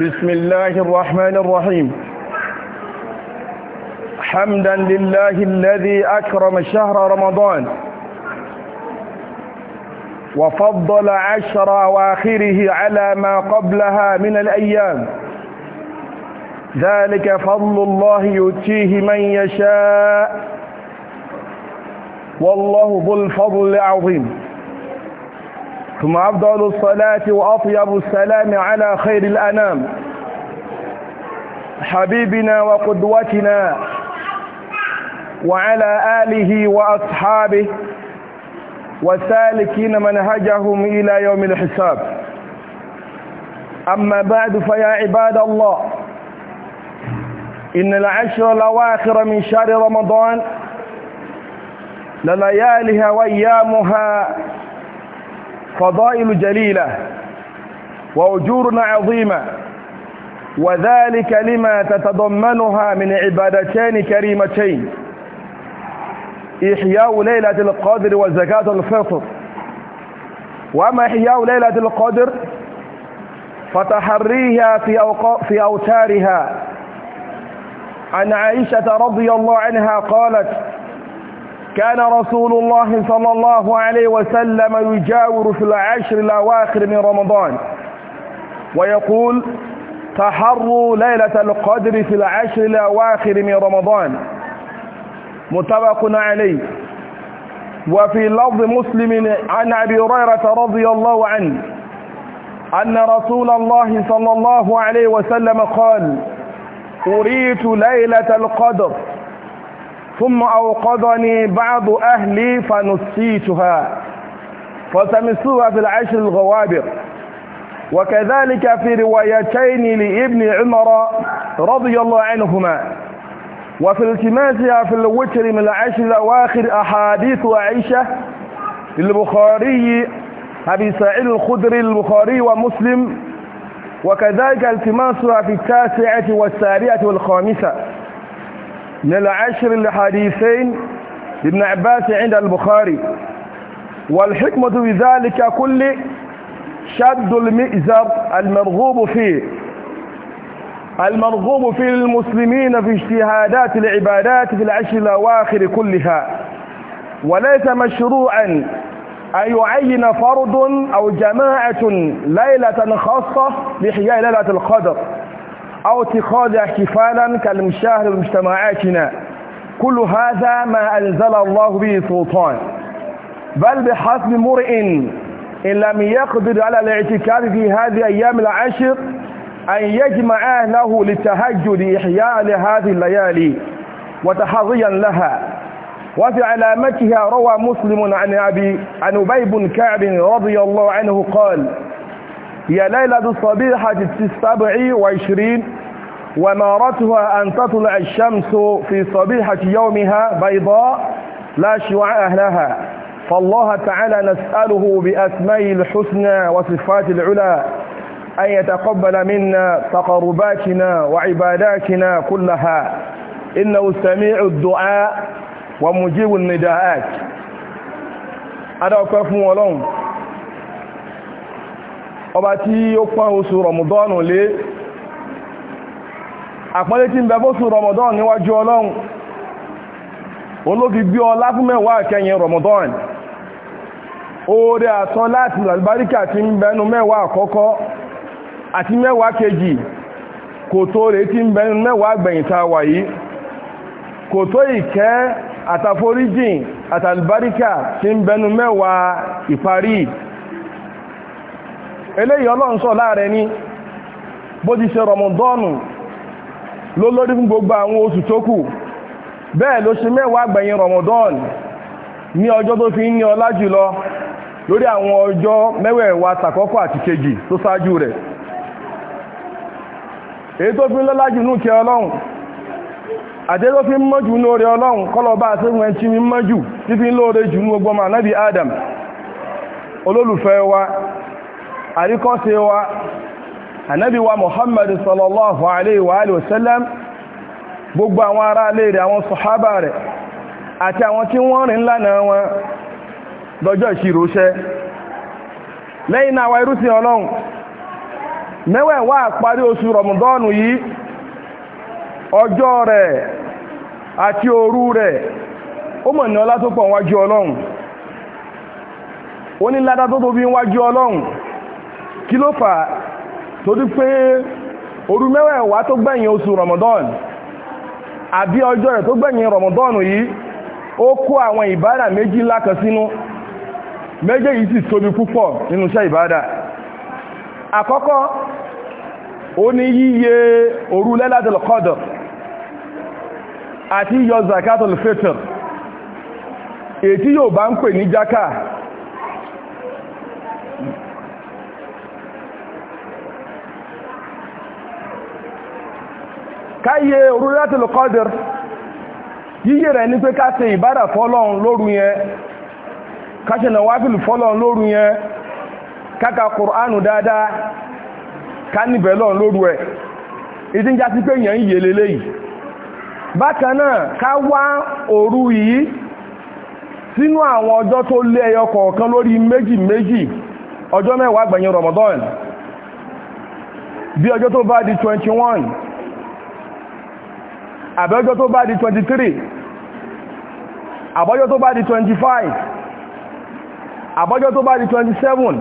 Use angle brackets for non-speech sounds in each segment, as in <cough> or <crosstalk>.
بسم الله الرحمن الرحيم حمدا لله الذي أكرم شهر رمضان وفضل عشر أواخره على ما قبلها من الأيام ذلك فضل الله يؤتيه من يشاء والله ذو الفضل العظيم ثم أفضل الصلاة وأطيب السلام على خير الأنام حبيبنا وقدوتنا وعلى آله وأصحابه وسالكين منهجهم إلى يوم الحساب أما بعد فيا عباد الله إن العشر الأواخر من شهر رمضان لليالها وأيامها فضائل جليلة وأجور عظيمة وذلك لما تتضمنها من عبادتين كريمتين إحياء ليلة القدر وزكاة الفطر وأما إحياء ليلة القدر فتحريها في, أوق... في أوتارها عن عائشة رضي الله عنها قالت كان رسول الله صلى الله عليه وسلم يجاور في العشر الأواخر من رمضان ويقول تحروا ليلة القدر في العشر الأواخر من رمضان متفق عليه وفي لفظ مسلم عن أبي هريرة رضي الله عنه أن رسول الله صلى الله عليه وسلم قال أريت ليلة القدر ثم أوقظني بعض أهلي فنسيتها فتمسوها في العشر الغوابر وكذلك في روايتين لابن عمر رضي الله عنهما وفي التماسها في الوتر من العشر الأواخر أحاديث عائشة للبخاري أبي سعيد الخدري البخاري ومسلم وكذلك التماسها في التاسعة والسابعة والخامسة من العشر الحديثين لابن عباس عند البخاري والحكمة بذلك كل شد المئزر المرغوب فيه المرغوب في المسلمين في اجتهادات العبادات في العشر الأواخر كلها وليس مشروعا أن يعين فرد أو جماعة ليلة خاصة لحياء ليلة القدر أو اتخاذ احتفالا كالمشاهد بمجتمعاتنا كل هذا ما أنزل الله به سلطان بل بحسب مرء إن لم يقدر على الاعتكاف في هذه أيام العشر أن يجمع أهله للتهجد إحياء لهذه الليالي وتحريا لها وفي علامتها روى مسلم عن أبي عن أبي بن كعب رضي الله عنه قال هي ليلة الصبيحة السبع وعشرين ومارتها أن تطلع الشمس في صبيحة يومها بيضاء لا شعاع أهلها فالله تعالى نسأله بأسماء الحسنى وصفات العلى أن يتقبل منا تقرباتنا وعباداتنا كلها إنه سميع الدعاء ومجيب النداءات هذا أكبر فمولون ọba tí ó pọ́n oṣù rọ̀mùdọ́nù lé àpọ́nlé tí ń bẹ fóṣù rọ̀mùdọ́nù níwájú ọlọ́run olófi gbé ọlá fún mẹ́wàá kẹyìn rọ̀mùdọ́nù oore àsán láti àlùbáríkà tí bẹnu mẹ́wàá àkọ́kọ́ àti mẹ́wàá kejì kò tó rẹ̀ tí bẹnu mẹ́wàá gbẹ̀yìntà wà yìí kò tó ìkẹ́ àtàforíjìn àtàlùbáríkà tí bẹnu mẹ́wàá ìparí eléyìí ọlọ́run sọ láàrẹ ní bó ti ṣe ló lórí fún gbogbo àwọn oṣù tó kù bẹ́ẹ̀ ló ṣe mẹ́wàá gbẹ̀yìn rọmọdọ́ọ̀n ní ọjọ́ tó fi ń ní ọlá jùlọ lórí àwọn ọjọ́ mẹ́wẹ̀ẹ̀wá tàkọ́kọ́ àti kejì tó ṣáájú rẹ̀ èyí tó fi ń lọ́lá jù ọlọ́run àti tó fi ń wa àríkọ́ṣe wa ànábì wa muhammad sallallahu alaihi wa gbogbo àwọn ará ilé àwọn sọ̀hábà rẹ̀ àti àwọn tí wọ́n rìn lánà wọn lọ́jọ́ ìṣirò iṣẹ́ lẹ́yìn náà wa irúsìn ọlọ́run mẹ́wẹ̀ẹ̀wá àparí oṣù yìí ọjọ́ rẹ̀ àti òru rẹ̀ ó mọ̀ ní ọlá tó pọ̀ kí ló fà á torí pé òru mẹ́wẹ̀ẹ̀wá tó gbẹ̀yìn oṣù Ramadan àbí ọjọ́ rẹ̀ tó gbẹ̀yìn Ramadan yìí ó kó àwọn ìbádà méjì ńlá kan sínú méjèèjì sì tóbi púpọ̀ nínú iṣẹ́ ìbádà àkọ́kọ́ ó ní yíye òru Lailatul Qadr àti yọ zakatul fitr èyí tí yóò bá ń pè ní jaka káyé òru látìlù kọ́dìr yíyẹ rẹ̀ ní pé ká ṣe ìbádà fọ́lọ́run lóru yẹn ká na nàwáfílù fọ́lọ́run lóru yẹn ká kùránù dáadáa ká níbẹ̀ lọ́run lóru ẹ̀ ìdí já sí pé èèyàn ń yèlé léyìí bákan náà ká wá òru yìí sínú àwọn ọjọ́ tó lé ẹyọ kọ̀ọ̀kan lórí méjì méjì ọjọ́ mẹ́wàá gbẹ̀yìn 21 àbọ́jọ́ tó bá di 23 àbọ́jọ́ tó bá di 25 àbọ́jọ́ tó bá di 27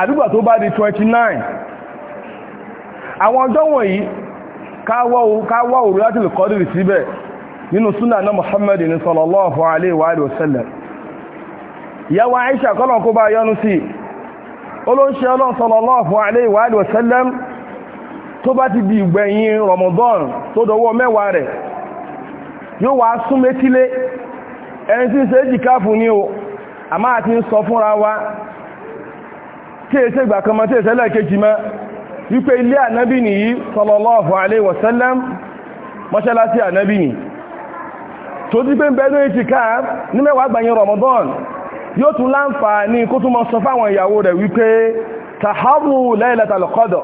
àdúgbà tó bá di 29 àwọn ọjọ́ wọ̀nyí káwọ́ òru láti lè kọ́dìrì síbẹ̀ nínú súnà náà Muhammad ní sallallahu alaihi wa sallam yàwó Aisha kọ́lọ̀ kó bá yọ́nú sí sallallahu alaihi wa tó bá ti di ìgbẹ̀yìn Ramadan tó dọwọ́ mẹ́wàá rẹ̀ yóò wá sún métílé ẹni tí ń ṣe jìkáfù ní o a máa ti ń sọ fúnra wa tí èsẹ́ ìgbà kan mọ́ tí èsẹ́ lẹ́ẹ̀kejì mọ́ wípé ilé ànábì nìyí sallallahu alaihi wasallam mọ́ṣálásí ànábì ni tó ti pé ń bẹ́ẹ̀ lórí jìkáf ní mẹ́wàá gbẹ̀yìn Ramadan yóò tún láǹfààní kó tún mọ́ sọ fáwọn ìyàwó rẹ̀ wípé taharu laylatal qadr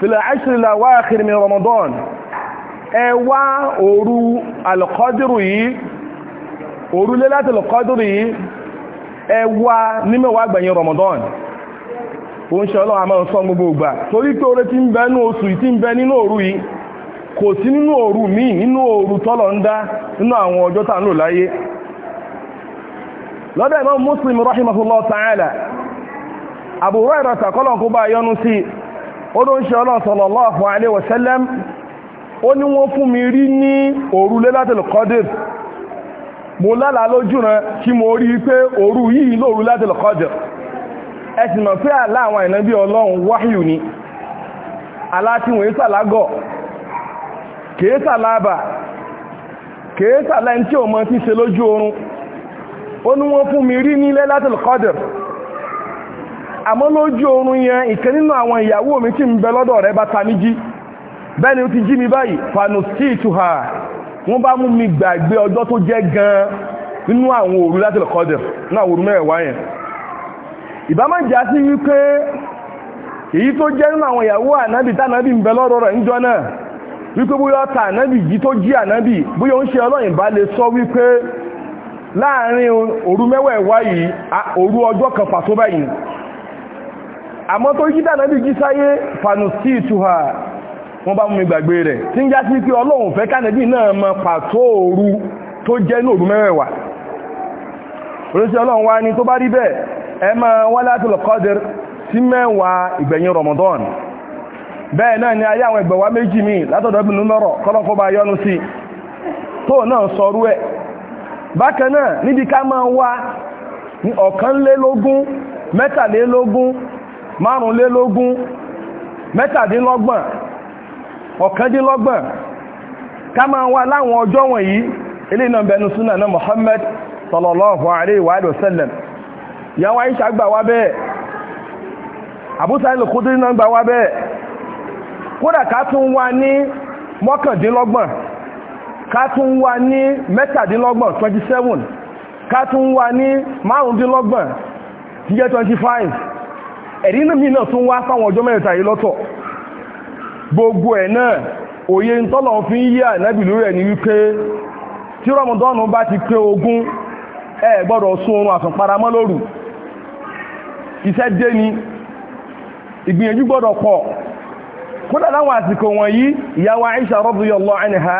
fìlẹ̀ àṣìlá wá Ramadan ẹ wá òru yi, yìí òru lé láti alkọ́dìrù yìí Ramadan ó ń ṣe ọlọ́run àmọ́ sọ gbogbo ìgbà torí pé oore tí ń bẹ nínú oṣù n'inu ń bẹ nínú òru yìí kò sí nínú òru míì nínú ó ló ń ṣe ọlọ́run sallallahu alaihi wasallam ó ní wọ́n fún mi rí ní òru Lailatul Qadr mo lálàá lójú rẹ̀ kí mo rí pé òru yìí lóru Lailatul Qadr ẹ sì pé àlá àwọn ọlọ́run wáhíù ni àlá tí wọ́n sàlágọ̀ kìí sàlábà àmọ́ lójú oorun yẹn ìkan nínú àwọn ìyàwó mi tí ń bẹ lọ́dọ̀ rẹ̀ bá ta mí jí bẹ́ẹ̀ ni ó ti jí mi báyìí fanusi ìtuha wọ́n bá mú mi gbàgbé ọjọ́ tó jẹ́ gan nínú àwọn òru láti lọ́kọ́dẹ̀ náà òru mẹ́wàá yẹn ìbámá jà sí wípé èyí tó jẹ́ nínú àwọn ìyàwó ànábì bóyá ta ànábì yìí tó jí ànábì bóyá ó ọlọ́yìn bá lè sọ wípé láàárín òru mẹ́wàá yìí òru ọjọ́ kan pàtó báyìí àmọ́ tó yíkítà náà bí jí sáyé fanusí ìtuhà wọ́n bá mú mi gbàgbé rẹ̀ tí ń já sí pé ọlọ́run fẹ́ kánẹ́bí náà mọ pàtó òru tó jẹ́ ní òru mẹ́wẹ̀wà oríṣẹ́ ọlọ́run wá ní tó bá rí bẹ́ẹ̀ ẹ máa wá láti lọ́kọ́dẹ̀ sí mẹ́wàá ìgbẹ̀yìn Ramadan bẹ́ẹ̀ náà ni ayé àwọn ìgbẹ̀wà méjì míì látọ̀dọ̀ bí númọ́rọ̀ kọ́lọ́kọ́ bá yọ́nu sí tó náà sọrú ẹ̀ bákan náà níbi ká máa wá ọ̀kànlélógún mẹ́tàlélógún márùnlélógún mẹ́tàdínlọ́gbọ̀n ọ̀kàndínlọ́gbọ̀n ká máa wá láwọn ọjọ́ wọ̀nyí ilé náà bẹnu súnà náà Muhammad sallallahu alaihi wa sallam ìyàwó Aisha gbà wá bẹ́ẹ̀ Abu Sa'id al-Khudri náà gbà wá bẹ́ẹ̀ kódà ká tún wá ní mọ́kàndínlọ́gbọ̀n ká tún wá ní mẹ́tàdínlọ́gbọ̀n 27 ká tún wá ní márùndínlọ́gbọ̀n jíjẹ́ 25 ẹ̀rí náà mìíràn tún wá fáwọn ọjọ́ mẹ́ta yìí lọ́tọ̀ gbogbo ẹ̀ náà òye ń tọ́lọ̀ fi ń yí ànábì lórí ẹ̀ ní wípé tí rọmọdọ́nù bá ti pé ogún ẹ gbọ́dọ̀ sún oorun àsùnparamọ́ lóru iṣẹ́ dé ni ìgbìyànjú gbọ́dọ̀ pọ̀ kódà láwọn àsìkò wọ̀nyí ìyàwó Aisha radiyallahu anha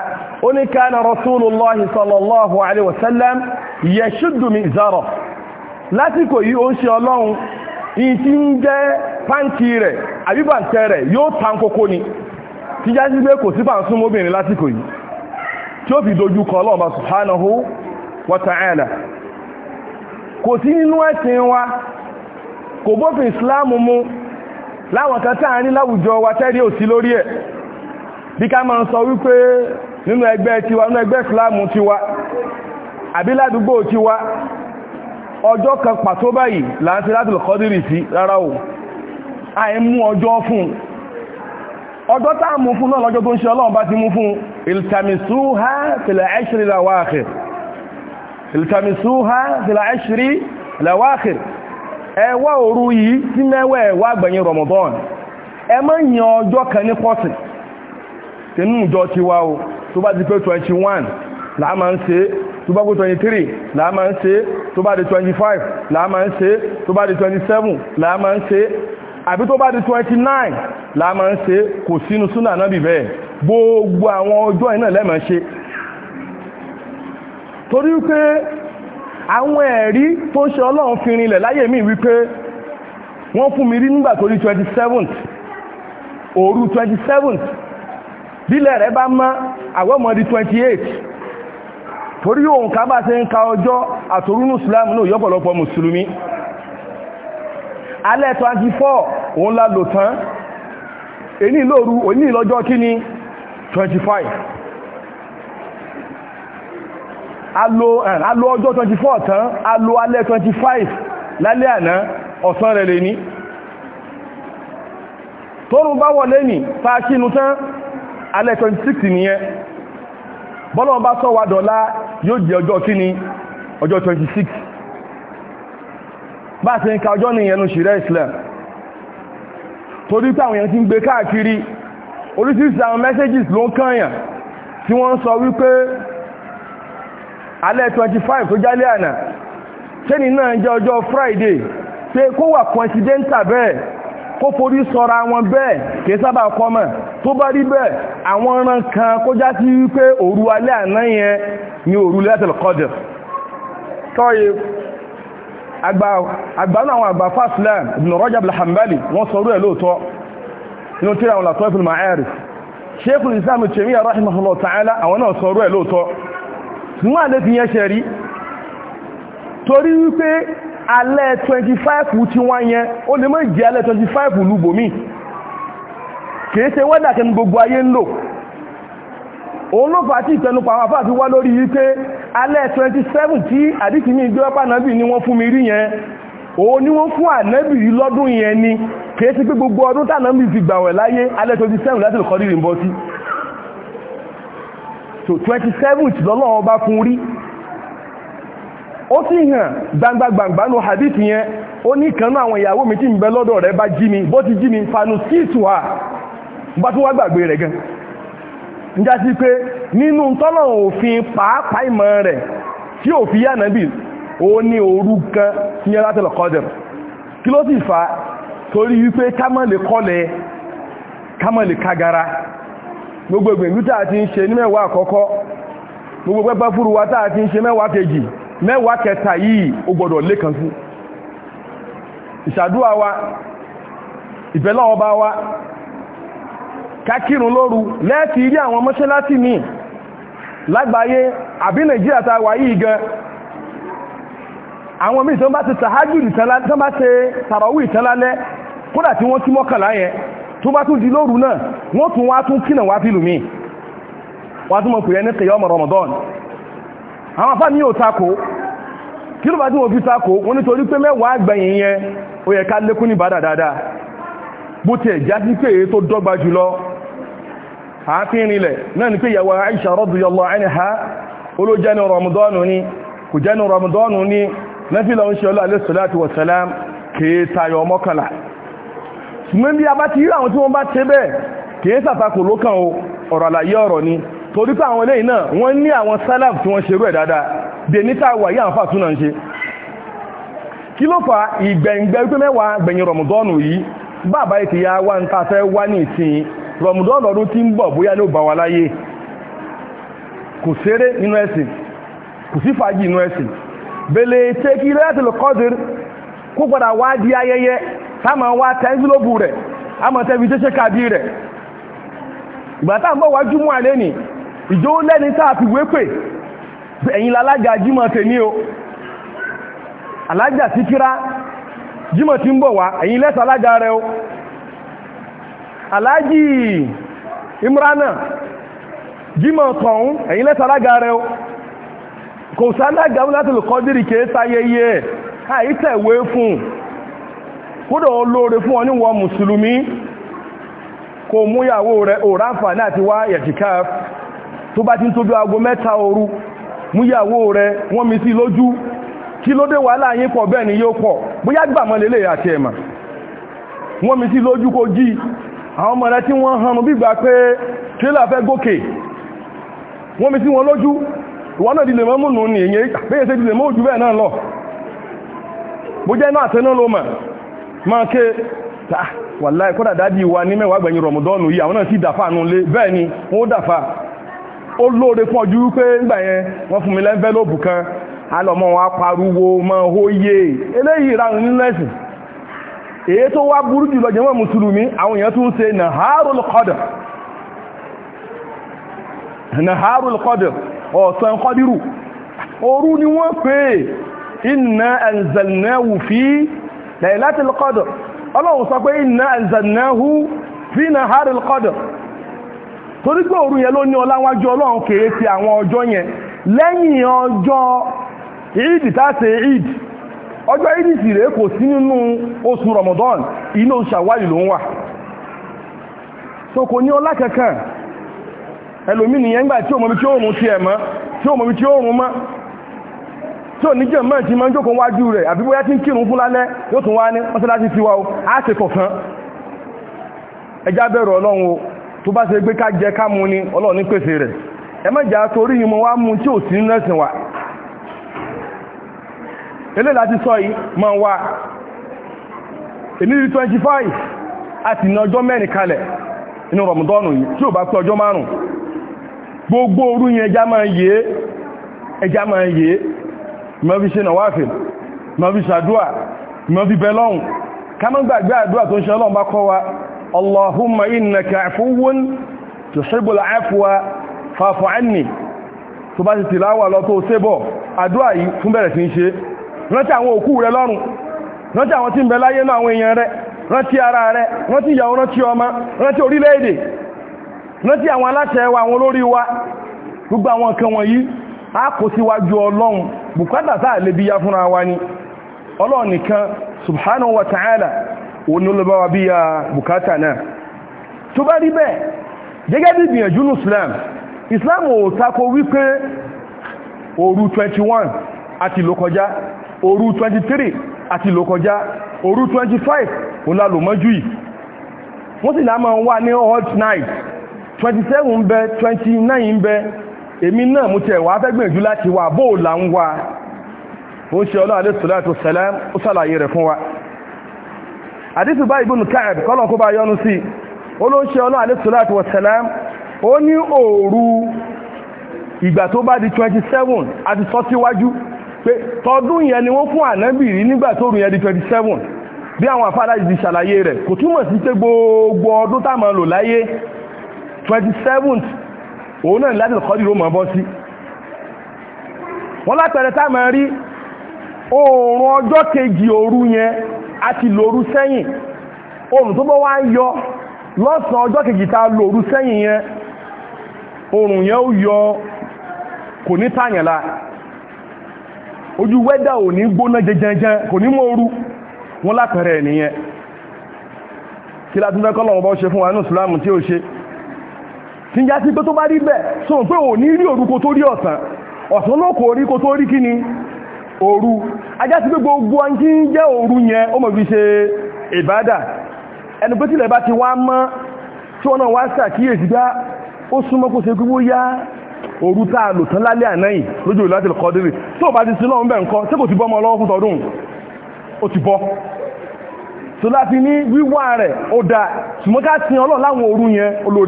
ó ní kana rasulullahi sallallahu alaihi wasallam yashuddu mizara lásìkò yìí ó ń ṣe ọlọ́run ìtí ń jẹ́ pàǹtì rẹ̀ àbíbàǹtẹ́ rẹ̀ yóò tan kókó ni tí já sí pé kò sí pàǹsún mọ́bìnrin lásìkò yìí tí ó fi dojú kọ ọlọ́ọ̀bá subhanahu wa ta'ala kò sí nínú ẹ̀sìn wa kò bófin islam mu láwọn kan tí a láwùjọ wa tẹ́rí òsí lórí ẹ̀ bí ká máa sọ wípé nínú ẹgbẹ́ tiwa nínú ẹgbẹ́ islam tiwa ti wa. tiwa ọjọ́ kan pàtó báyìí láti láti lè kọ́dìrì sí rárá o àìmú ọjọ́ fún ọjọ́ tá mú fún náà lọ́jọ́ tó ń ṣe ọlọ́run bá ti mú fún iltamisuha fil ashri lawakhir iltamisuha fil ashri lawakhir ẹwà òru yìí tí mẹ́wẹ́ ẹ̀wà àgbẹ̀yìn Ramadan ẹ má yan ọjọ́ kan ní pọ́sì tẹnu ìjọ ti wá o tó bá ti pé 21 láà máa ń ṣe tó bá gbé twenty three làá máa ń ṣe tó bá di twenty five làá máa ń ṣe tó bá di twenty seven làá máa ń ṣe àbí tó bá di twenty nine làá máa ń ṣe kò sínú súnà náà bì bẹ́ẹ̀ gbogbo àwọn ọjọ́ iná lẹ́mọ̀ ṣe torí pé àwọn ẹ̀rí tó ṣe ọlọ́run fi rinlẹ̀ láyé mi wípé wọ́n fún mi rí nígbà tó rí twenty seventh òru twenty seventh bílẹ̀ rẹ̀ bá mọ́ àwọn ọmọ di twenty eight torí òun ká bá ṣe ń ka ọjọ́ àtòrúnú islam náà yọ́pọ̀lọpọ̀ musulmi. alẹ́ 24 òun lálò tán èní lóru òní lọ́jọ́ kí ni 25 alo ọjọ́ 24 tán alo alẹ́ 25 lálẹ́ àná ọ̀sán rẹ̀ lè ní tórun bá wọlé ní fàákínú tán alẹ́ 26 nìyẹn bọ́lọ̀ bá sọ wà dọ̀lá yóò jẹ́ ọjọ́ kíni ọjọ́ 26 bá ti ń ka ọjọ́ ní ìyẹnu ṣìrẹ́ Islam torí pé àwọn èèyàn ti ń gbé káàkiri oríṣiríṣi àwọn messages ló ń kànyàn tí wọ́n ń sọ wípé alẹ́ 25 tó jálẹ̀ àná ṣé ni náà jẹ́ ọjọ́ Friday pé kó wà coincidental bẹ́ẹ̀ kó forí sọra wọn bẹ́ẹ̀ kìí sábà kọ́mọ̀ tó bá rí bẹ́ẹ̀ àwọn ọ̀ràn kan kó já sí wípé òru alẹ́ àná yẹn ni òru lẹ́tẹ̀lẹ̀ kọ́dẹ̀ tọ́yẹ àgbàlá àwọn àgbà fásílẹ̀ Ibn Rajab al-Hanbali wọ́n sọ rú ẹ̀ lóòtọ́ inú tíra alẹ́ twenty five tí wọ́n yẹn ó lè má jẹ́ alẹ́ twenty five lùbòmí kìí ṣe wẹ́dà kẹni gbogbo ayé ń lò òun ló fà á tí ìtẹnupọ̀ àwọn àfáà wá lórí yìí pé alẹ́ twenty seven tí àdìsí mi gbé wápá nábì ni wọ́n fún mi rí yẹn òun ni wọ́n fún ànábì yìí lọ́dún yẹn ni kìí ṣe pé gbogbo ọdún tànábì fi gbàwẹ̀ láyé alẹ́ twenty seven láti lè kọ́ dìrì ń bọ́ sí so twenty seven lọ́lọ́wọ́ bá fún rí ó sì hàn gbangbagbangba ní hadith yẹn ó ní kanú àwọn ìyàwó mi tí ń bẹ lọ́dọ̀ ti jí mi fanu síìtù à bá tún wá gbàgbé rẹ̀ gan ń já sí pé nínú tọ́lọ̀ òfin pàápàá ìmọ̀ rẹ̀ tí ò fi yá nàbì ó ní òru kan ní ẹlátẹ̀lọ̀ kọ́dẹ̀ kí ló sì fa torí wípé kámọ́lẹ̀ kọ́lẹ̀ kámọ́lẹ̀ kagara gbogbo ìgbìyànjú tá a ti ń ṣe ní mẹ́wàá àkọ́kọ́ gbogbo pẹ́pẹ́ fúruwa tá a ti ń ṣe mẹ́wàá kẹta yìí ó gbọ́dọ̀ lékan sí ìṣàdúwà wa ìbẹ̀lá ọba wa kákírùn lóru lẹ́ẹ̀kì rí àwọn mọ́ṣáláṣí mi lágbàáyé àbí nàìjíríà ta wà yìí gan àwọn míì tó bá ti tàhájù tó bá ti tàràwù ìtẹ́lálẹ́ kódà tí wọ́n sí mọ́kànlá yẹn tó bá tún di lóru náà wọ́n tún wá tún kínà wá fílùmí wọ́n tún mọ̀ pè yẹn ní kẹyọ́ àwọn afá ní ò takò kí ló bá tí wọ́n fi takò wọ́n nítorí pé mẹ́wàá àgbẹ̀yìn yẹn ó yẹ ká lékún ní bàdà dáadáa bó ti ẹ̀já sí pé èyí tó dọ́gba jùlọ àáfin ilẹ̀ náà ni pé ìyàwó anha olójẹ́nu Ramadanu ni kò jẹ́nu Ramadanu ni nẹ́fílà ń ṣe ọlọ́ alẹ́ sọ́láàtì wọ̀sálám kìí tayọ mọ́kànlá ṣùgbọ́n bí a bá ti rí torí pé àwọn eléyìí náà wọ́n ní àwọn salaf tí wọ́n ṣerú ẹ̀ dáadáa dènítà wà yí àwọn fàtúnà ń ṣe kí ló fa ìgbẹ̀ǹgbẹ̀ wípé mẹ́wàá gbẹ̀yìn rọmùdọ́nù yìí bàbá ìtì ya wá ń tafẹ́ wá ní ìsìn rọmùdọ́nù ọdún ń bọ̀ bóyá ló bá wa láyé kò ṣeré nínú ẹ̀sìn kò sí fàájì ẹ̀sìn bèlè lẹ́yàtì di ayẹyẹ wá tẹ́ńsílóbù rẹ̀ ìjó lẹ́ni táà fi ẹ̀yìn alága jímọ̀ o alága sí kíra jímọ̀ tí ń bọ̀ wá ẹ̀yìn lẹ́sà alága rẹ o alájì imrana jímọ̀ tọ̀hún ẹ̀yìn lẹ́sà alága rẹ o kò sálága láti lè kọ́dìrì kìí sáyẹyẹ àìtẹ̀wé fún kódò olóore fún ọ níwọ̀n mùsùlùmí kò ti wá tó bá ti ń tójú aago mẹ́ta òru múyàwó rẹ wọ́n mi sí lójú kí ló dé wàhálà yín pọ̀ bẹ́ẹ̀ ni yóò pọ̀ bóyá gbàmọ́ lélẹ̀ àti ẹ̀mà wọ́n mi sí lójú kó jí àwọn ọmọ rẹ tí wọ́n hanu bí gbà pé tírélà fẹ́ gòkè wọ́n mi sí wọn lójú ìwọ́n náà dìlè mọ́mù nù ní èyẹ bẹ́yẹ sí dìlè mọ́jú bẹ́ẹ̀ náà lọ bó jẹ́ náà tẹ́nà ló mà máa ké wàláì kọ́dà dádì wa ní mẹ́wàá gbẹ̀yìn rọ̀mùdọ́nù yìí àwọn náà sì dàfà nù lé bẹ́ẹ̀ ni wọ́n dàfà ó lóore fún ọjọ́ wípé nígbà yẹn wọ́n fún mi lẹ́ńfẹ́lóòbù kan alọ́mọ wọn apariwo mọ oyè eléyìí ìranù nínú ẹ̀sìn èyí tó wá burú jùlọ jẹ́mọ́ mùsùlùmí àwọn èèyàn tún ṣe naharul qadr naharul qadr ọ̀sán kọ́dírù òru ni wọ́n pè inna anzalnahu fi laylatil qadr ọlọ́run sọ pé inna anzalnahu fi naharil qadr torí pé òru yẹn ló ní ọláwájú ọlọ́run kèé ti àwọn ọjọ́ yẹn lẹ́yìn ọjọ́ eid tàṣe eid ọjọ́ eid sì rèé kò sí nínú oṣù Ramadan inú oṣù àwáyì ló ń wà so kò ní ọlá kankan ẹlòmí nìyẹn gbà tí òmòmí tí ó rùn ti ẹ̀ mọ́ tí òmòmí tí ó rùn mọ́ tí ò ní jẹ́ mọ́ ti máa ń jókòó wájú rẹ̀ àbí bóyá tí ń kírun fún lálẹ́ yóò tún wá ní mọ́sálásí ti wá o á ti kọ̀kan ẹjá bẹ̀rù ọlọ́run o tó bá se gbé ká jẹ ká mu ni ọlọ́run ní pèsè rẹ̀ ẹ torí yìí mo wá mú tí ò sí nínú ẹ̀sìn wa eléyìí láti sọ yìí máa wá èmi 25 àti ní ọjọ́ mẹ́rin kalẹ̀ inú tí ò bá gbogbo orú máa اللهم إنك عفو تحب العفو فاعف عني tó bá ti tìláwà lọ tó sébọ̀ àdúrà yìí tún bẹ̀rẹ̀ sí ń ṣe rántí àwọn òkú rẹ lọ́rùn rántí àwọn tí ń bẹ láyé náà àwọn èèyàn rẹ rántí ara rẹ rántí ìyàwó rántí ọmọ rántí orílẹ̀-èdè rántí àwọn aláṣẹ wa àwọn olórí wa gbogbo àwọn nǹkan wọ̀nyí a kò síwájú ọlọ́run bùkátà sáà lè bí ya fúnra wa ni ọlọ́run nìkan subhanahu wa ta'ala òun ló wa bí ya bùkátà náà tó bá rí bẹ́ẹ̀ gẹ́gẹ́ bí gbìyànjú ní islam islam ò tako wípé ooru 21 àti ló kọjá 23 àti ló kọjá 25 òun la lò mọ́jú yìí wọ́n sì láàmà wà ní old night 27 ń bẹ 29 ń bẹ èmi náà mú tẹ̀ wà fẹ́gbìyànjú láti wà bóòlà ń wà ó ń ṣe ọlọ́ àdé sọ́lá àti sẹ́lẹ̀ ó sàlàyé rẹ̀ fún wa àdísù bá ibùn káàb kọ́lọ̀ kó bá yọnu sí olóńṣẹ́ ọlọ́ àlẹ́sọ́láàtì wọ̀sẹ̀lám ó ní òru ìgbà tó bá di 27 àti sọ́tíwájú pé tọdún yẹn ni wọ́n fún ànábì rí nígbà tó rù yẹn di 27 bí àwọn àfáàdá ti ṣàlàyé rẹ̀ kò túmọ̀ sí pé gbogbo ọdún tá máa lò láyé 27th òun náà láti kọ́dìrò mọ̀ bọ́ sí wọ́n látẹ̀rẹ̀ tá rí oòrùn ọjọ́ kejì oru yẹn àti lòru sẹ́yìn oòrùn tó bọ́ wá ń yọ lọ́sàn ọjọ́ kejì ta lòru sẹ́yìn yẹn oòrùn yẹn ó yọ kò ní tàyànlá ojú wẹ́dà ò ní gbóná jẹjẹjẹ kò ní mọ́ ooru wọn lápẹẹrẹ nìyẹn kí ọba ṣe fún wa ní ti tí ó ṣe tí ń já sí pé tó bá rí bẹ́ẹ̀ pé ò ní rí òru Oru, ajá ti pé gbogbo ọjí ń jẹ́ òru yẹn ó mọ̀ fi ṣe ìbádà ẹnu pé tílẹ̀ bá ti wá mọ́ tí wọ́n náà wá sàkíyèsí dá ó súnmọ́ kó ṣe gbogbo yá òru tá a lò tán lálẹ́ àná yìí lójú ìlú láti lè kọ́dírì tí ò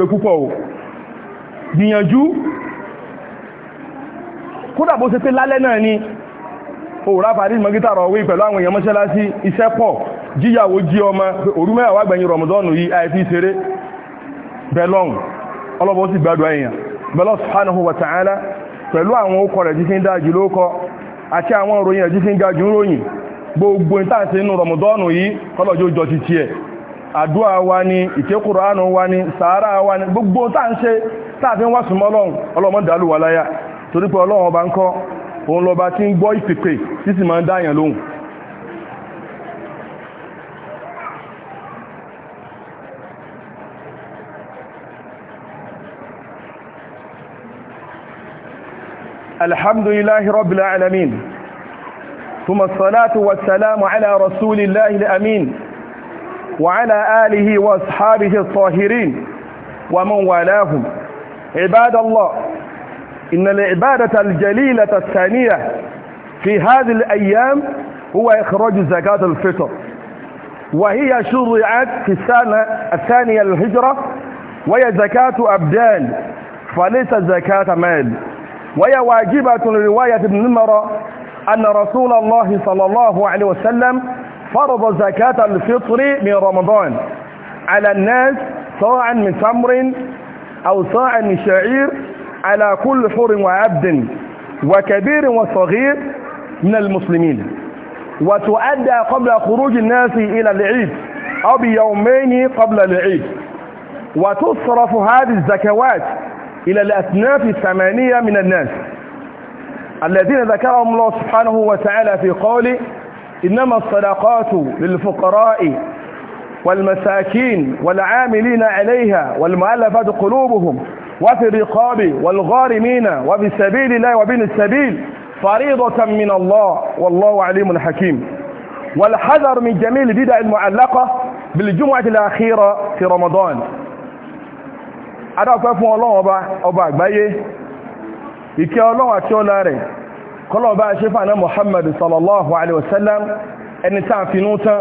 bá ti o gbìyànjú kódà bó ṣe pé lálẹ́ náà ni òwúrá fàdí mọ́gítà rọ̀ wí pẹ̀lú àwọn èèyàn mọ́ṣáláṣí iṣẹ́ pọ̀ jíyàwó jí ọmọ òru mẹ́wàá wà gbẹ̀yìn rọ̀mọ̀dọ́nù yìí àìfi ṣeré bẹ̀lọ́n ọlọ́bọ̀ sì gbádùn èèyàn bẹ̀lọ́ subhanahu wa ta'ala pẹ̀lú àwọn okọ̀ rẹ̀ jíṣẹ́ ń dájú ló kọ àti àwọn òròyìn rẹ̀ jíṣẹ́ ń ga jù ròyìn gbogbo ìtàṣe inú rọ̀mọ̀dọ́nù yìí kọlọ̀jọ́ jọ ti tiẹ̀ àdúrà wa ni wa ni sàárà wa gbogbo táàfin wá Ọlọ́run òun lọba tí ń gbọ́ ìpèpè tí sì máa ń dáyàn lóhùn alhamdulillahi rabbil alamin thumma salatu wassalamu ala rasulillahi al-amin wa ala alihi wa ashabihi at wa man walahum ibadallah إن العبادة الجليلة الثانية في هذه الأيام هو إخراج زكاة الفطر وهي شرعت في السنة الثانية للهجرة وهي زكاة أبدان فليس زكاة مال وهي واجبة لرواية ابن مرة أن رسول الله صلى الله عليه وسلم فرض زكاة الفطر من رمضان على الناس صاعا من تمر أو صاعا من شعير على كل حر وعبد وكبير وصغير من المسلمين وتؤدى قبل خروج الناس إلى العيد أو بيومين قبل العيد وتصرف هذه الزكوات إلى الأصناف الثمانية من الناس الذين ذكرهم الله سبحانه وتعالى في قوله إنما الصدقات للفقراء والمساكين والعاملين عليها والمؤلفة قلوبهم وفي الرقاب والغارمين وفي سبيل الله وبين السبيل فريضة من الله والله عليم حكيم والحذر من جميع البدع المعلقة بالجمعة الأخيرة في رمضان adáwọ̀pẹ́ fún ọlọ́run ọba àgbáyé ìkẹ́ ọlọ́run àti ọlá rẹ̀ kọlọ̀n bá ṣe fàánà Muhammad sallallahu alaihi wasallam ẹni tàà finú tán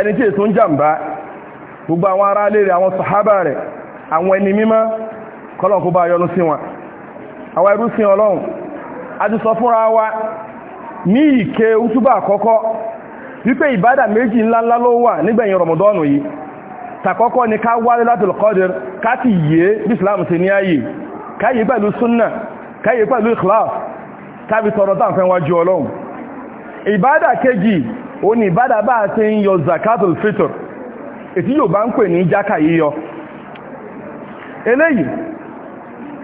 ẹni tí ètò ń jàmbá gbogbo àwọn ará lè rẹ̀ àwọn sàhábà rẹ̀ àwọn ẹni mímọ́ kọ́lọ̀ kó bá yọ́nú sí wọn àwọn ẹrú sí ọlọ́run a ti sọ fúnra wa ní ìké útúbà àkọ́kọ́ wípé ìbádà méjì ńláńlá ló wà nígbẹ̀yìn rọmọdọ́nù yìí tàkọ́kọ́ ni ká wálé láti lọ́kọ́dìr ká ti yé bí islam ti ní ayé káyé pẹ̀lú súnnà káyé pẹ̀lú ikhlas kábi tọrọ táǹfẹ́ wájú ọlọ́run ìbádà kejì ó ní ìbádà bá ti ń yọ zakatul fitr ètí yóò bá ń eléyìí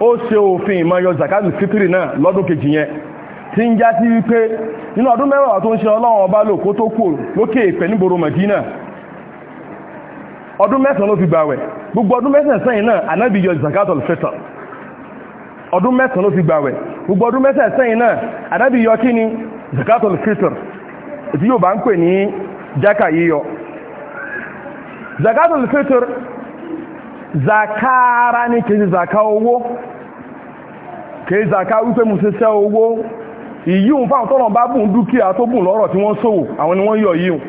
ó ofin òfin ìmọ̀yọ zakatul fitri náà lọ́dún kejì yẹn tí ń já sí wípé nínú ọdún mẹ́wàá tó ń ọbalo ọlọ́run ọba lò kó tó kù lókè ìpẹ̀ níboro Madina ọdún mẹ́sàn ló fi gbàwẹ̀ gbogbo ọdún mẹ́sàn sẹ́yìn náà ọdún mẹ́sàn ló fi gbàwẹ̀ gbogbo ọdún mẹ́sàn sẹ́yìn náà yọ zakatul fitr zaka ara ní kìí zaka owó kìí zaka wípé mú sẹ́sẹ́ owó ìyíun fáwọn tọ́nà bá bùn dúkìá tó bùn lọ́rọ̀ tí wọ́n sòwò àwọn ni wọ́n yọ yíun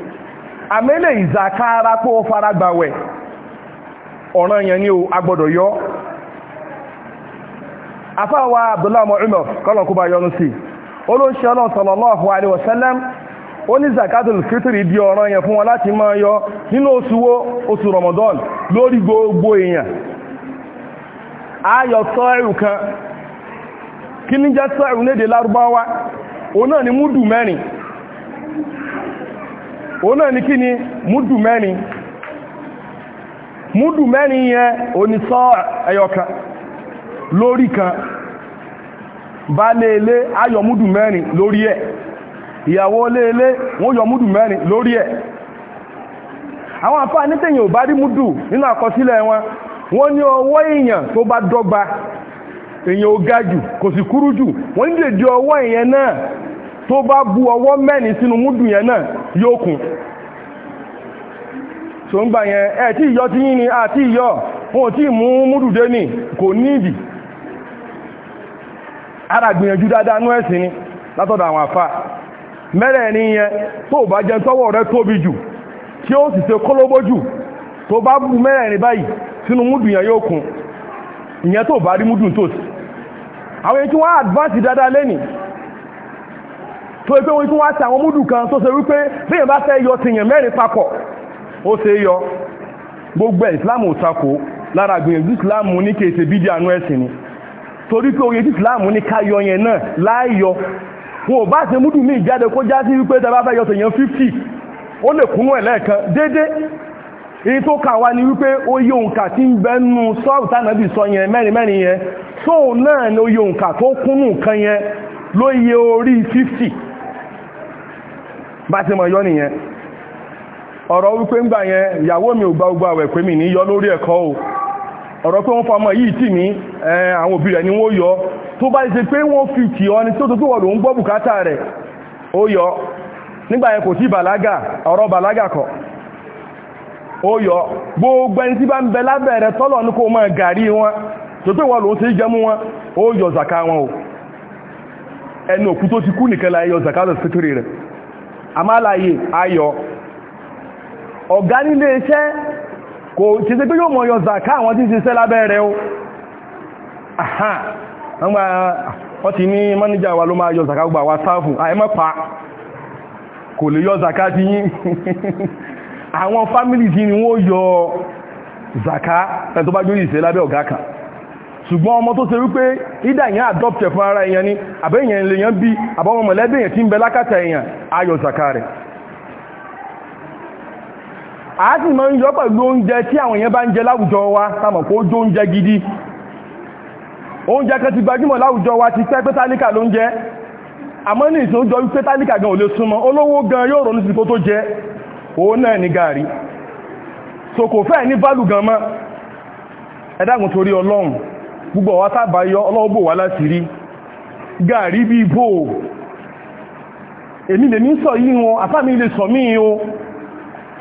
àmẹ́lẹ̀ ìzaka ara pé ó ọ̀ràn yẹn ni ó agbọ́dọ̀ yọ afáwa abdullahi muhammad kọ́lọ̀kú bá yọnu sí olóṣèlú sallallahu alaihi wasallam ó ní zakatul fitri ọrọ ọ̀ràn yẹn fún wọn láti máa yọ nínú oṣù wo oṣù Ramadan lórí gbogbo èèyàn ayọ̀ sọ́ẹ̀rù kan kí ní jẹ́ sọ́ẹ̀rù lédè lárúbáwá òun náà ni múdù mẹ́rin òun náà ni kí ni múdù mẹ́rin múdù mẹ́rin yẹn kan bá lè lé ayọ̀ múdù mẹ́rin lórí ìyàwó léèlé wọ́n yọ múdù mẹ́rin lórí ẹ̀ àwọn àfáà nítẹ̀yìn ò bá rí múdù nínú àkọsílẹ̀ wọn wọ́n ní ọwọ́ èèyàn tó bá dọ́gba èèyàn ò ga jù kò sì kúrú jù wọ́n ní di ọwọ́ èèyàn náà tó bá bu ọwọ́ mẹ́rin sínú múdù yẹn náà yóò tó ń gbà yẹn ni àti ìyọ́ wọn ò tí mú múdù dé kò ara gbìyànjú dáadáa nú ẹ̀sìn ni látọ̀dọ̀ àwọn mẹ́rẹ̀ẹ̀rin yẹn tó bá jẹ tọ́wọ́ rẹ tóbi jù tí ó sì ṣe kólóbó jù tó bá bu mẹ́rẹ̀ẹ̀rin báyìí sínú múdù yẹn yóò kún ìyẹn tó bá rí múdù tòsí àwọn èyí tí wọ́n advance dáadáa lẹ́nìí tó ẹgbẹ́ wọn tí wọ́n á ṣe àwọn múdù kan tó ṣe wípé bíyàn bá fẹ́ yọ tìyàn mẹ́rin papọ̀ ó ṣe é yọ gbogbo ìsìláàmù òtakò lára gbìyànjú ìsìláàmù ní kèsè bídí àánú ẹ̀sìn ni torí pé oye tí ní ká yọ yẹn náà láì yọ wọn ò ti ṣe múdù mí ìjáde kó já sí wípé tẹ́ bá fẹ́ yọtọ̀ yẹn fífì ó lè ẹ̀ lẹ́ẹ̀kan dédé èyí tó kà ní wípé oye òǹkà tí ń bẹ nú sọ́ọ̀rù tánàbì sọ yẹn mẹ́rin mẹ́rin yẹn sóò náà ni oye òǹkà tó kan yẹn ló iye orí 50 bá ti mọ̀ nìyẹn ọ̀rọ̀ mi ò gba gbogbo àwẹ̀ pé mi yọ lórí ẹ̀kọ́ o ọ̀rọ̀ pé wọ́n fa ọmọ yìí tì mí àwọn òbí ni wọ́n yọ tó bá ṣe pé wọ́n fi tì ọ ni tó tó wọ̀ ló ń gbọ́ bùkátà rẹ̀ ó yọ nígbà yẹn kò bàlágà ọ̀rọ̀ bàlágà kọ̀ ó yọ gbogbo ẹni tí bá ń bẹ tọ́lọ̀ ní wọn tó wọ́n ló wọn ó yọ zaka wọn o ẹnu òkú tó ti kú nìkan yọ zaka lọ rẹ̀ àmàlàyé ayọ̀ ọ̀gá nílé iṣẹ́ kò tí sí pé yóò mọ̀ yọ zàká àwọn tí ń ṣiṣẹ́ lábẹ́ rẹ̀ o wọ́n ti ní mọ́níjà wa ló máa yọ zàká gbà wá sáàfù àìmọ́pa kò lè yọ zàká ti yín <laughs> àwọn fámílì tí ni wọ́n yọ zàká ẹ̀tọ́ bá jórí ìṣẹ́ lábẹ́ ọ̀gá kan ṣùgbọ́n ọmọ tó ṣe wípé ìdá èèyàn adọ́pẹ̀ fún ara èèyàn ni àbẹ́yàn lèèyàn bí àbọ́mọ̀lẹ́bẹ̀yàn tí ń bẹ lákàtà èèyàn ayọ̀ zàká a sì máa yọ pẹ̀lú oúnjẹ tí àwọn èèyàn bá ń jẹ láwùjọ wa tamọ̀ kó jó oúnjẹ gidi oúnjẹ kan ti gbajúmọ̀ láwùjọ wa ti pẹ́ pétálíkà ló ń àmọ́ ní gan ò lè súnmọ́ olówó gan yóò ronú sí tó jẹ òun náà bí èmi sọ yí wọn lè sọ o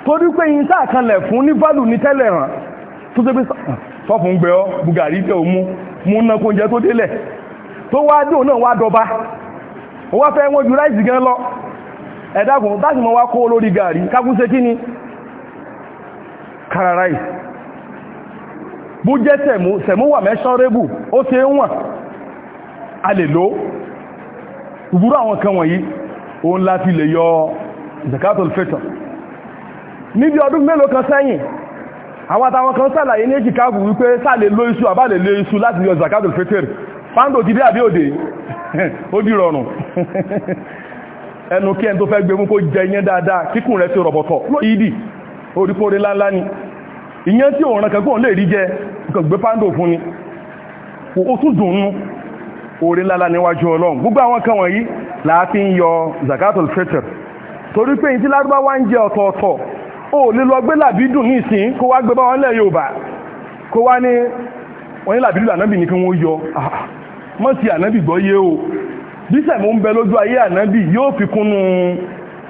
torí pé yìí tá àkànlẹ̀ fún ní fálù ní tẹ́lẹ̀ hàn tó tó pé sọ́fún gbẹ ọ́ bugari tẹ́ ò mú mú ná kó oúnjẹ tó délẹ̀ tó wá dùn náà wá dọba ó wá fẹ́ wọ́n ju ráìsì gan lọ ẹ̀dàkùn láti mọ́ wá kó olórí gàrí kákúnṣe kí ni kára ráìsì bó jẹ́ tẹ̀mú tẹ̀mú wà mẹ́ṣọ́rébù ó ṣe ń wọ̀n a lè lò ìbúrú àwọn kan wọ̀nyí òun láti lè yọ zakatul fitr níbi ọdún mélòó kan sẹ́yìn àwọn àtàwọn kan sàlàyé ní èjìkáàbù wípé sàlè ló iṣu àbálè lé iṣu láti yọ zakatul fitr fáńdò ti dé àbí òde <laughs> ó dì rọrùn <laughs> ẹnu kí ẹn tó fẹ́ gbé mú kó jẹ iyẹn dáadáa kíkùn rẹ̀ ti rọ̀bọ̀tọ̀ ìdì orípòrí láńlá ni ìyẹn tí òun rẹ̀kẹ́kọ́ lè rí jẹ gbé fáńdò fún ni ó tún dùnnú orí láńlá níwájú ọlọ́run gbogbo àwọn kan wọ̀nyí láti ń yọ zakatul fitr torí pé ìtí lárúbáwá ń jẹ ọ̀tọ̀ọ̀tọ̀ o lè lọ gbé làbídùn ní ìsìn kó wá gbé bá wọn lẹ̀ Yorùbá kó wá ní wọ́n ní làbídùn ànábì ní kí wọ́n yọ ah, mọ́ ti ànábì gbọ́ yé o bísẹ̀ mú ń bẹ lójú ayé ànábì yóò fi kúnnú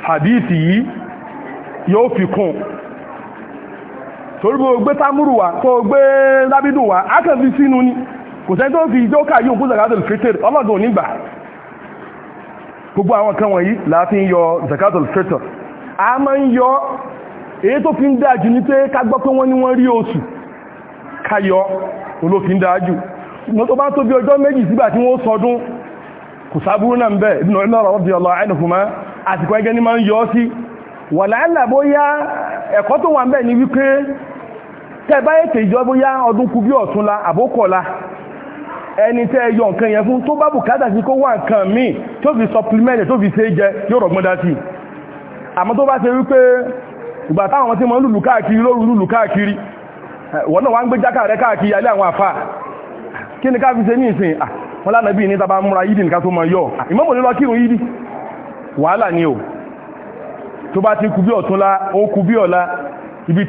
hadithi yìí yóò fi kún torí gbogbo gbé támúrù wa tó gbé lábídùn wa á kàn fi sínú ni kò sẹ́ni tó fi ìjọ́ka yóò kú zakatul fitr ọlọ́dún onígbà gbogbo àwọn kan wọ̀nyí láti ń yọ zakatul fitr a máa ń yọ èyí tó fi ń dájú ní pé pé wọ́n ní wọ́n rí oṣù káyọ olófin dájú ṣùgbọ́n tó bá tó bí ọjọ́ méjì sígbà tí wọ́n sọdún kò sábúrú náà bẹ́ẹ̀ Ibn yọọ si. ẹkọ ẹni tẹ́ yọ nǹkan yẹn fún tó bá sí kó wà nǹkan fi supplement tó fi ṣe jẹ yóò rọ̀gbọ́n dá sí ìgbà táwọn ọmọ tí mọ́ lùlù káàkiri lóru lùlù káàkiri wọ́n náà wá ń gbé jákà rẹ káàkiri alẹ́ àwọn àfà kí ni ká fi ṣe ní ìsìn wọn lánàá bí ní tàbá múra yídì nìkan tó mọ yọ ìmọ̀mọ̀ lílọ kírun yídì wàhálà ni o tó bá ti kú bí ọ̀túnla ó kú bí ọ̀la ibi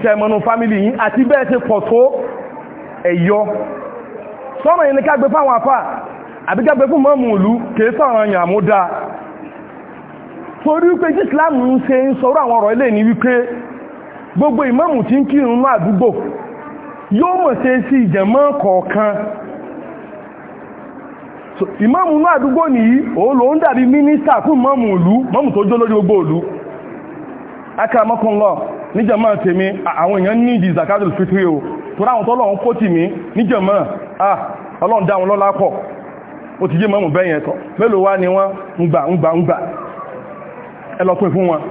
torí wípé tí islam ń ṣe ń sọ̀rọ̀ àwọn ọ̀rọ̀ ilé ní wípé gbogbo ìmáàmù tí ń kírun ní àdúgbò yóò mọ̀ ṣe sí ìjẹ̀mọ́ kọ̀ọ̀kan ìmáàmù ní àdúgbò nìyí òun ló ń dàbí mínísítà fún ìmáàmù ìlú mọ́mù tó jó lórí gbogbo ìlú akàmọ́kànlọ́ níjẹ̀mọ́ tèmi àwọn ah ọlọ́run dá wọn lọ́lá pọ̀ ó ti jẹ́ mọ́mù bẹ́yẹn tọ́ mélòó wá ni wọ́n ń gbà ń gbà ń gbà ẹlọ́pin fún wọn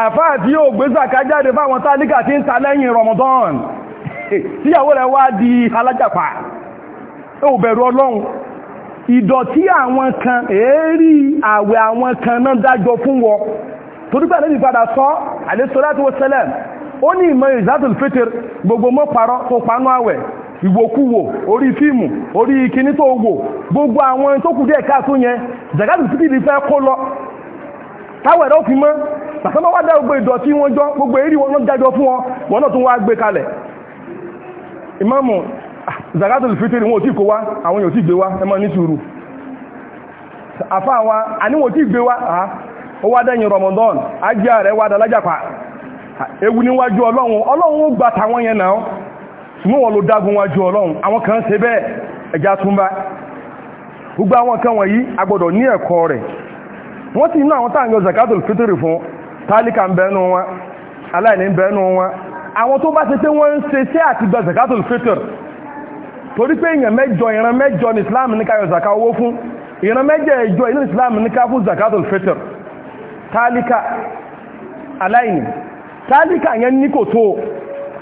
àfáà tí yóò gbé zaka jáde fáwọn tálíkà tí ń ta lẹ́yìn Ramadan tíyàwó rẹ̀ wá di alájàpá ó bẹ̀rù ọlọ́run ìdọ̀tí àwọn kan èérí àwẹ̀ àwọn kan náà dájọ fún wọn torípé àlébì padà sọ àlésọ́lá tí wọ́n sẹ́lẹ̀ ó ní ìmọ̀ ìzátùl fitr gbogbo mọ́ parọ́ tó panú àwẹ̀ ìwòkúwò orí fíìmù orí kíní tó wò gbogbo àwọn tó kù díẹ̀ káàtó yẹn zakatu títí di fẹ́ kó lọ táwọn ẹ̀rọ fi mọ́ bàtọ́mọ́ wá dá gbogbo ìdọ̀tí wọn jọ gbogbo eré wọn dájọ fún wọn wọn náà tún wá gbé kalẹ̀ ìmáàmù zakatul ah, fitri wọn ò tí kó wá àwọn yóò tí gbé wá ẹ máa ní wa wá ṣùgbọ́n wọn ló dágun wájú ọlọ́run àwọn kan ṣe bẹ́ẹ̀ ẹja túnbá gbogbo àwọn kan wọ̀nyí agbọ́dọ̀ ní ẹ̀kọ́ rẹ̀ wọ́n ti inú àwọn táàyàn zakatul fitri fún tálíkà ń bẹ́nu wọn aláìní ń bẹ́nu wọn àwọn tó bá ṣe pé wọ́n ń ṣe àti gba islam ní ká zaka owó fún ìran islam ní ká fún zakatul fitri tálíkà aláìní tálíkà yẹn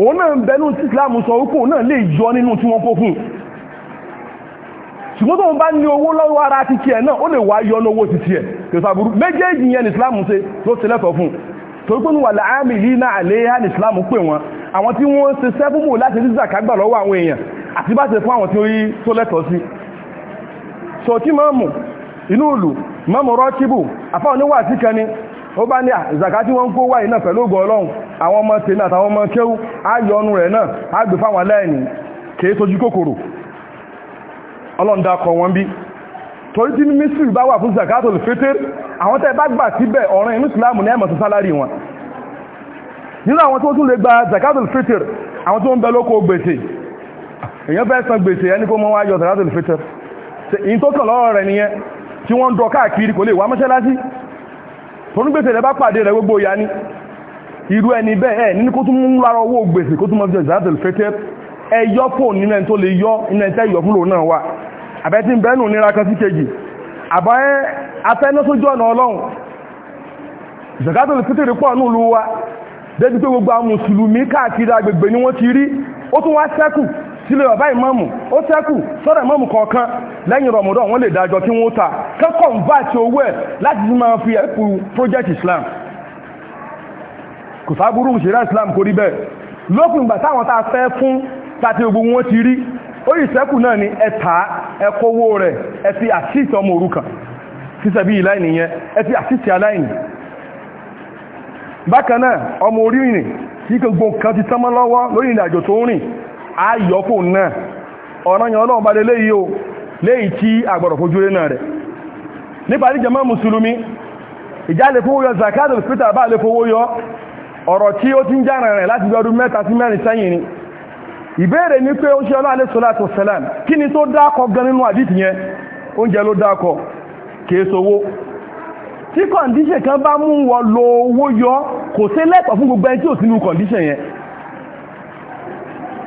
òun náà bẹnu tí islam sọ wípé òun náà lè yọ nínú tí wọ́n kó fún ṣùgbọ́n tó ń bá ní owó lọ́wọ́ ara ti tiẹ̀ náà ó lè wá yọ lówó ti tiẹ̀ kìsàbùrú méjèèjì yẹn ní islam ṣe ló ṣe lẹ́tọ̀ọ́ fún torí pé wà láàmì yìí náà àléyá ní islam pè wọn àwọn tí wọ́n ṣe sẹ́fúnmù láti rí zàkágbà lọ́wọ́ àwọn èèyàn àti bá ṣe fún àwọn tí ó rí tó lẹ́tọ̀ọ́ sí sọ tí máàmù inú ìlú máàmù rọ́kíbù àfáwọn oníwà àti kẹni ó bá ní àzàká tí wọ́n ń kó wáyé náà pẹ̀lú ògùn ọlọ́run àwọn ọmọ tèmi àtàwọn ọmọ kéwú ayọ̀ ọnu rẹ̀ náà á gbé fáwọn aláìní kìí sojú kòkòrò ọlọ́run dákọ̀ wọn bí torí tí mímísírì bá wà fún zakatul fitr àwọn tẹ́ bá gbà síbẹ̀ ọ̀ràn inú ìsìláàmù ní ẹ̀mọ̀tún sálárì wọn nínú àwọn tó tún lè gba zakatul fitr àwọn tó ń bẹ lóko gbèsè èyàn fẹ́ san gbèsè ẹni kó mọ́ wá yọ zakatul fitr in tó kàn lọ́rọ̀ rẹ̀ nìyẹn tí wọ́n ń dọ káàkiri kò lè wá mọ́ṣáláṣí onígbèsè rẹ̀ bá pàdé rẹ̀ gbogbo ya ní irú ẹni bẹ́ẹ̀ ẹ̀ nínú kó tún mú lára owó gbèsè kó tún mọ́ fíjọ ìzáàtẹ̀lù fẹ́tẹ́ ẹyọ́ fóòn nínú tó yọ nínú ẹni tẹ́yọ fún lòun náà àbẹ́tí bẹ́ẹ̀nù nira kan sí kejì sílé bàbá ìmáàmù ó sẹ́kù sọ́dọ̀ ìmáàmù kọ̀ọ̀kan lẹ́yìn rọmọdọ́ wọ́n lè dájọ́ tí wọ́n ta kẹ́kọ̀ọ́ ń bá àti owó ẹ̀ láti máa fi ẹ̀kú project islam kò sáàbúrú ìṣẹ́rẹ́ islam kò rí bẹ́ẹ̀ lópin ìgbà táwọn tá a fẹ́ fún tàti ogun wọn ti rí ó yìí sẹ́kù náà ni ẹ̀ta ẹ̀kọ́wó rẹ̀ ẹ̀ti àṣìṣẹ́ ọmọ òrukàn sísẹ̀bí ìláìní yẹn ẹ̀ti àṣìṣẹ́ aláìní bákan náà ọmọ orí ìrìn tí gbogbo nǹkan ti tánmọ́ lọ́wọ́ lórí ìrìnàjò tó ń rìn ayọ́kù náà ọ̀ràn yẹn ọlọ́run bá lélé yìí o léyìí tí àgbọ̀rọ̀ fojú rẹ̀ náà rẹ̀ nípa ní jàmá mùsùlùmí ìjà lè fowó yọ zakat hospital bá lè fowó yọ ọ̀rọ̀ tí ó ti ń jára rẹ̀ láti ọdún mẹ́ta sí mẹ́rin sẹ́yìn ni ìbéèrè ní pé ó ṣe ọlọ́ alẹ́ sọlá tó sẹ́lám kí ni tó dákọ̀ gan nínú àdìtì yẹn oúnjẹ ló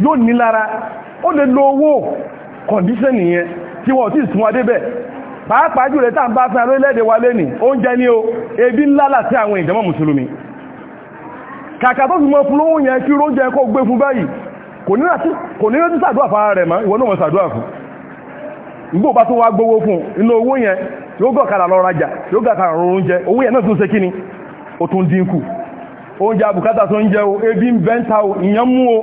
yóò ní lára ó lè lo owó condition yẹn tí wọ́n ti sún adébẹ̀ pàápàá jù rẹ̀ tàbí bá fẹ́ orílẹ̀-èdè wa lé oúnjẹ ní o ebi ńlá láti àwọn ìjọmọ̀ mùsùlùmí kàkà tó fi mọ́ fún lówó yẹn kí oúnjẹ kó gbé fún báyìí kò ní rántí sàdúwà fara rẹ̀ náà sàdúwà fún bá tó wá gbówó fún inú owó yẹn yóò lọ rajà yóò oúnjẹ owó yẹn náà tún kíni ó tún dínkù oúnjẹ tó ń jẹ o ebi ń bẹ́ńtà o ìyẹn mú o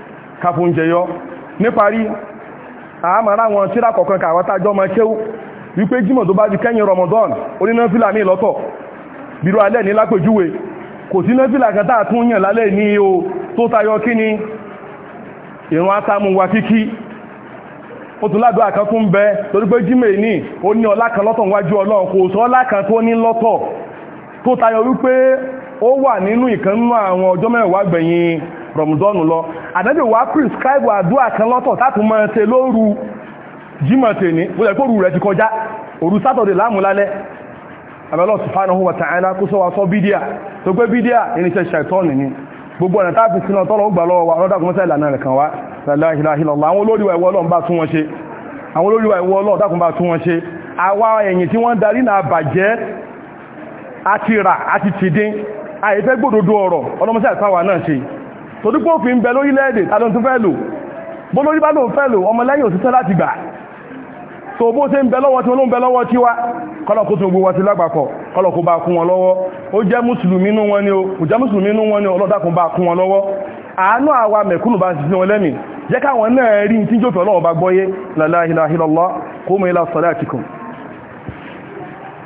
káfóúnjẹ yọ níparí àmàrà àwọn tíra kọ̀ọ̀kan kàwátájọ́ máa kéwú wípé jímọ̀ tó bá di kẹ́yìn Ramadan oníná fílà ní lọ́tọ̀ bíró alẹ́ ní lápèjúwe kò sí ná fílà kan táà tún yàn lálẹ́ ní tó tayọ ni ìrun asámu wa kíkí ó tún ládùá kan tún bẹ torí pé jímọ̀ ní ó ní ọlá kan lọ́tọ̀ wájú Ọlọ́run kò sọ ọlá kan tó wípé ó wà nínú ìkan àwọn ọjọ́ mẹ́wàá gbẹ̀yìn Ramadan lọ ànábì wá prescribe àdúrà kan lọ́tọ̀ táàtù máa ṣe lóru jímọ̀ tèní ó yẹ kóru rẹ̀ ti kọjá òru sátọ̀dẹ̀ láàmúlálẹ́ àbẹ̀lọ́ subhanahu wa ta'ala kó sọ wa sọ bídíà tó gbé bídíà irinṣẹ́ ṣàìtọ́nì ni gbogbo ọ̀nà táàfi sínú tọ́lọ̀ ó gbà lọ́wọ́ wa ọlọ́dà kọmọ́sá ìlànà rẹ̀ kan wá láìláìláìlọ́lọ́ àwọn olóríwà ìwọ́ ọlọ́run bá tún wọn ṣe àwọn olóríwà ìwọ́ ọlọ́run dákun bá tún wọn ṣe àwa ẹ̀yìn tí wọ́n darí náà bàjẹ́ àti rà àti tìdín àìfẹ́ gbòdodo ọ̀rọ̀ ọlọ́mọsá ìfáwà náà ṣe torípò fi ń bẹ lórílẹ̀-èdè tàbí tó fẹ́ lò bó lórí bá lò fẹ́ lò ọmọlẹ́yìn òṣìṣẹ́ láti gbà tó bó ṣe ń bẹ lọ́wọ́ tí wọ́n ló ń bẹ lọ́wọ́ tí wá kọ́lọ̀kú tó gbogbo sí lágbàkọ̀ kọ́lọ̀kú bá kún wọn lọ́wọ́ ó jẹ́ mùsùlùmí nú wọn ni ó kò jẹ́ mùsùlùmí nú wọn ni ọlọ́dàkùn bá kún wọn lọ́wọ́ àánú káwọn náà rí tí jófẹ́ ọlọ́wọ́ bá gbọ́yé la ilaha illallah qumu ila salatikum